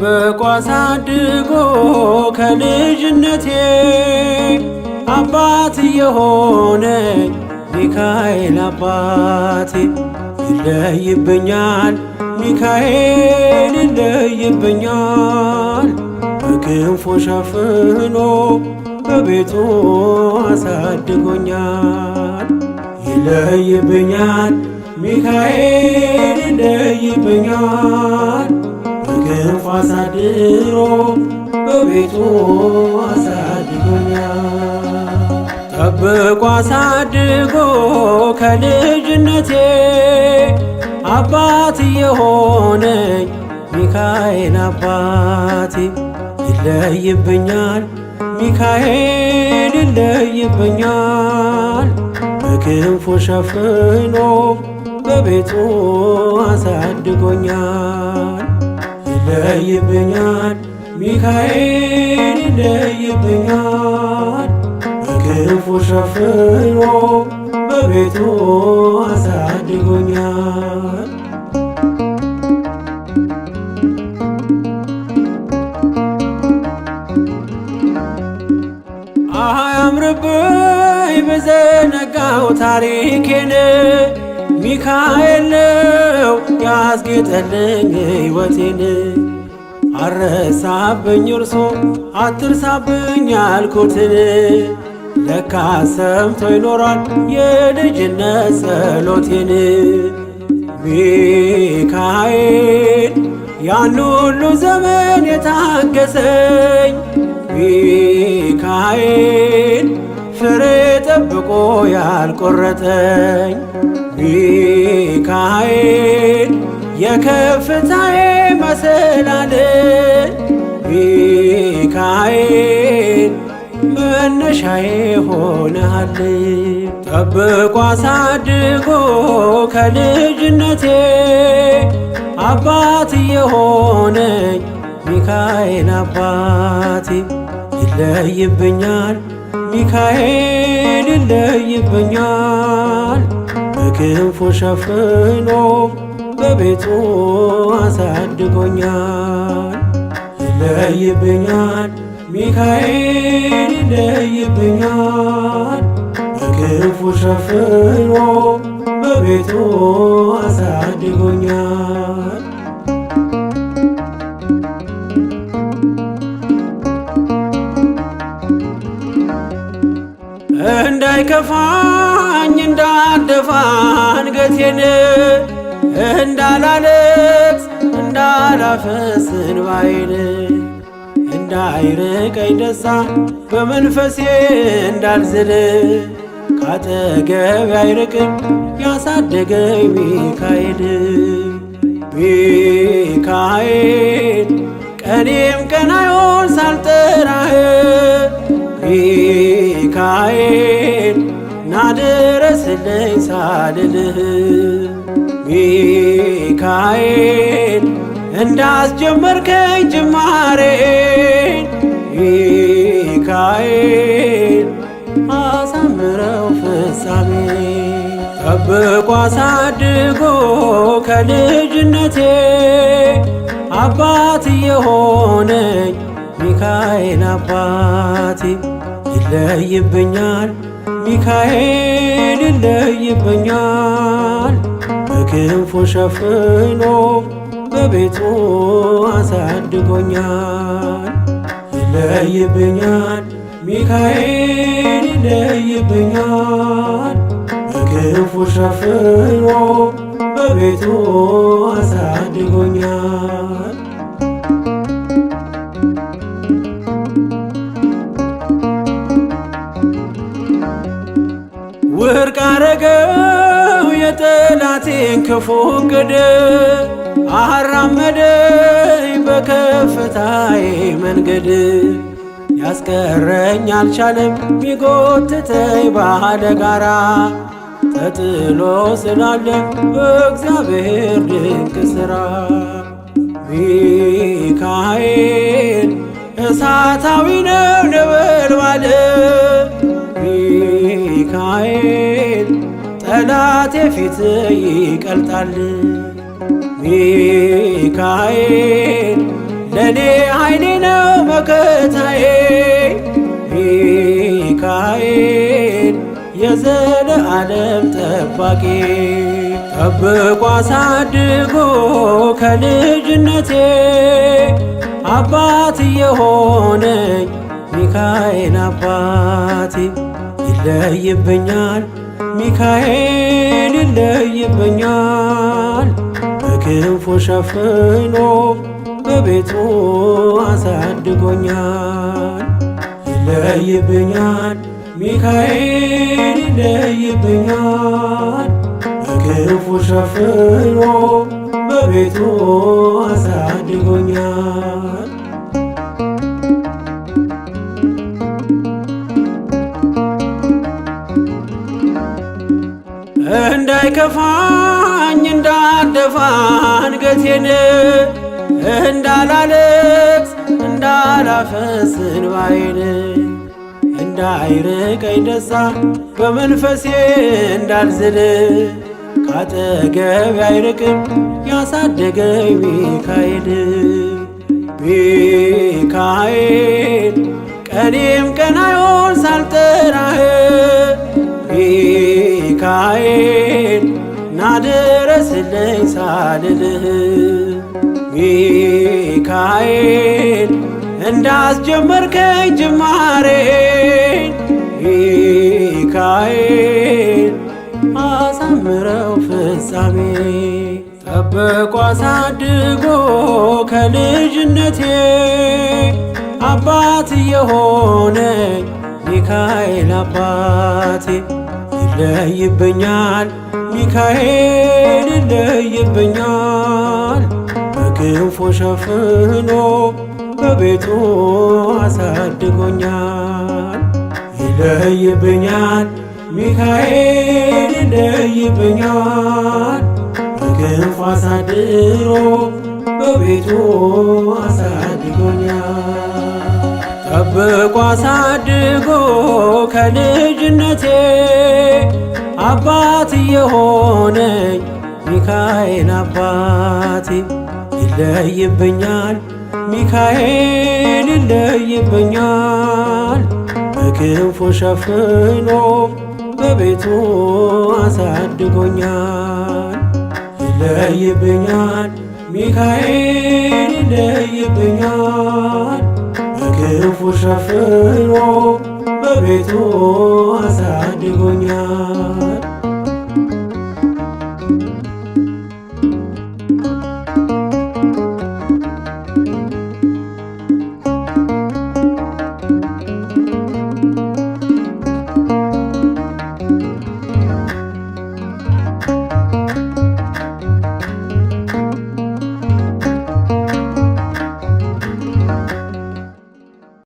ጠብቆ አሳድጎ ከልጅነቴ አባት የሆነ ሚካኤል አባቴ ይለይብኛል ሚካኤል ይለይብኛል በክንፎ ሸፍኖ በቤቱ አሳድጎኛል። ይለይብኛል ሚካኤል ይለይብኛል በክንፉ አሳድሮ በቤቱ አሳድጎኛል። ጠብቆ አሳድጎ ከልጅነቴ አባት የሆነኝ ሚካኤል አባት ይለይብኛል ሚካኤል ይለይብኛል በክንፉ ሸፍኖ በቤቱ አሳድጎኛል። ይለይብኛል ሚካኤል ይለይብኛል በክንፉ ሸፍኖ በቤቱ አሳድጎኛል። አያምርብኝ ብዘነጋው ታሪኬን ሚካኤል ነው ያስጌጠልኝ ሕይወቴን። አረሳብኝ እርሶ አትርሳብኝ ያልኩትን ለካ ሰምቶ ይኖራል የልጅነት ጸሎቴን። ሚካኤል ያን ሁሉ ዘመን የታገሰኝ ሚካኤል ፍሬ ጠብቆ ያልቆረጠኝ ሚካኤል የከፍታዬ መሰላል ሚካኤል መነሻዬ ሆነሃል። ጠብቆ አሳድጎ ከልጅነቴ አባት የሆነኝ ሚካኤል አባቴ ይለይብኛል ሚካኤል ይለይብኛል በክንፉ ሸፍኖ በቤቱ አሳድጎኛል። ይለይብኛል ሚካኤል ይለይብኛል። በክንፉ ሸፍኖ በቤቱ አሳድጎኛል። እንዳይከፋኝ እንዳደፋ ገቴን እንዳላለቅስ እንዳላፈስ እንባዬን እንዳይርቀኝ ደስታ በመንፈሴ እንዳልዝል ካጠገብ አይርቅም ያሳደገኝ ሚካኤል ሚካኤል ቀኔም ቀናዮን ሳልጠራህ ሚካኤል ናድረስልኝ ሳልልህ ሚካኤል እንዳስጀመርከኝ ጅማሬ ሚካኤል አሳምረው ፍጻሜ ጠብቆ አሳድጎ ከልጅነቴ አባት የሆነኝ ሚካኤል አባቴ ይለይብኛል ሚካኤል ይለይብኛል በክንፉ ሸፍኖ በቤቱ አሳድጎኛል። ይለይብኛል ሚካኤል ይለይብኛል በክንፉ ሸፍኖ በቤቱ አሳድጎኛል። አረገው የጠላቴን ክፉ እቅድ አራመደኝ በከፍታዬ መንገድ ያስቀረኝ አልቻለም ቢጎትተይ ባለ ጋራ ተጥሎ ስላለ እግዚአብሔር ድንቅ ሥራ ሚካኤል እሳታዊ ነው ነበልባል ከጠላቴ ፊት ይቀልጣል። ሚካኤል ለእኔ ኃይሌ ነው መከታዬ፣ ሚካኤል የዘለዓለም ጠባቂ ጠብቆ አሳድጎ ከልጅነቴ አባት የሆነኝ ሚካኤል አባቴ ይለይብኛል ሚካኤል ይለይብኛል በክንፎ ሸፍኖ በቤቱ አሳድጎኛል። ይለይብኛል ሚካኤል ይለይብኛል በክንፎ ሸፍኖ በቤቱ አሳድጎኛል። ከፋኝ እንዳደፋ አንገቴን እንዳላለቅስ እንዳላፈስ እንባዬን እንዳይርቀኝ ደስታ በመንፈሴ እንዳልዝል ካጠገቤ አይርቅም ያሳደገኝ ሚካኤል ሚካኤል ቀኔም ቀናዮን ሳልጠራህ ሚካኤል ናድረስልኝ ሳልልህ ሚካኤል እንዳስጀመርከኝ ጅማሬ ሚካኤል አሳምረው ፍጻሜ ጠብቆ አሳድጎ ከልጅነቴ አባት የሆነ ሚካኤል አባቴ ለይብኛል ሚካኤል ለይብኛል በክንፎ ሸፍኖ በቤቱ አሳድጎኛል። ይለይብኛል ሚካኤል ለይብኛል በክንፎ አሳድሮ በቤቱ አሳድጎኛል። ጠብቆ አሳድጎ ከልጅነቴ አባት የሆነኝ ሚካኤል አባቴ ይለይብኛል ሚካኤል ይለይብኛል በክንፉ ሸፍኖ በቤቱ አሳድጎኛል። ይለይብኛል ሚካኤል ይለይብኛል በክንፉ ሸፍኖ በቤቱ አሳድጎኛል።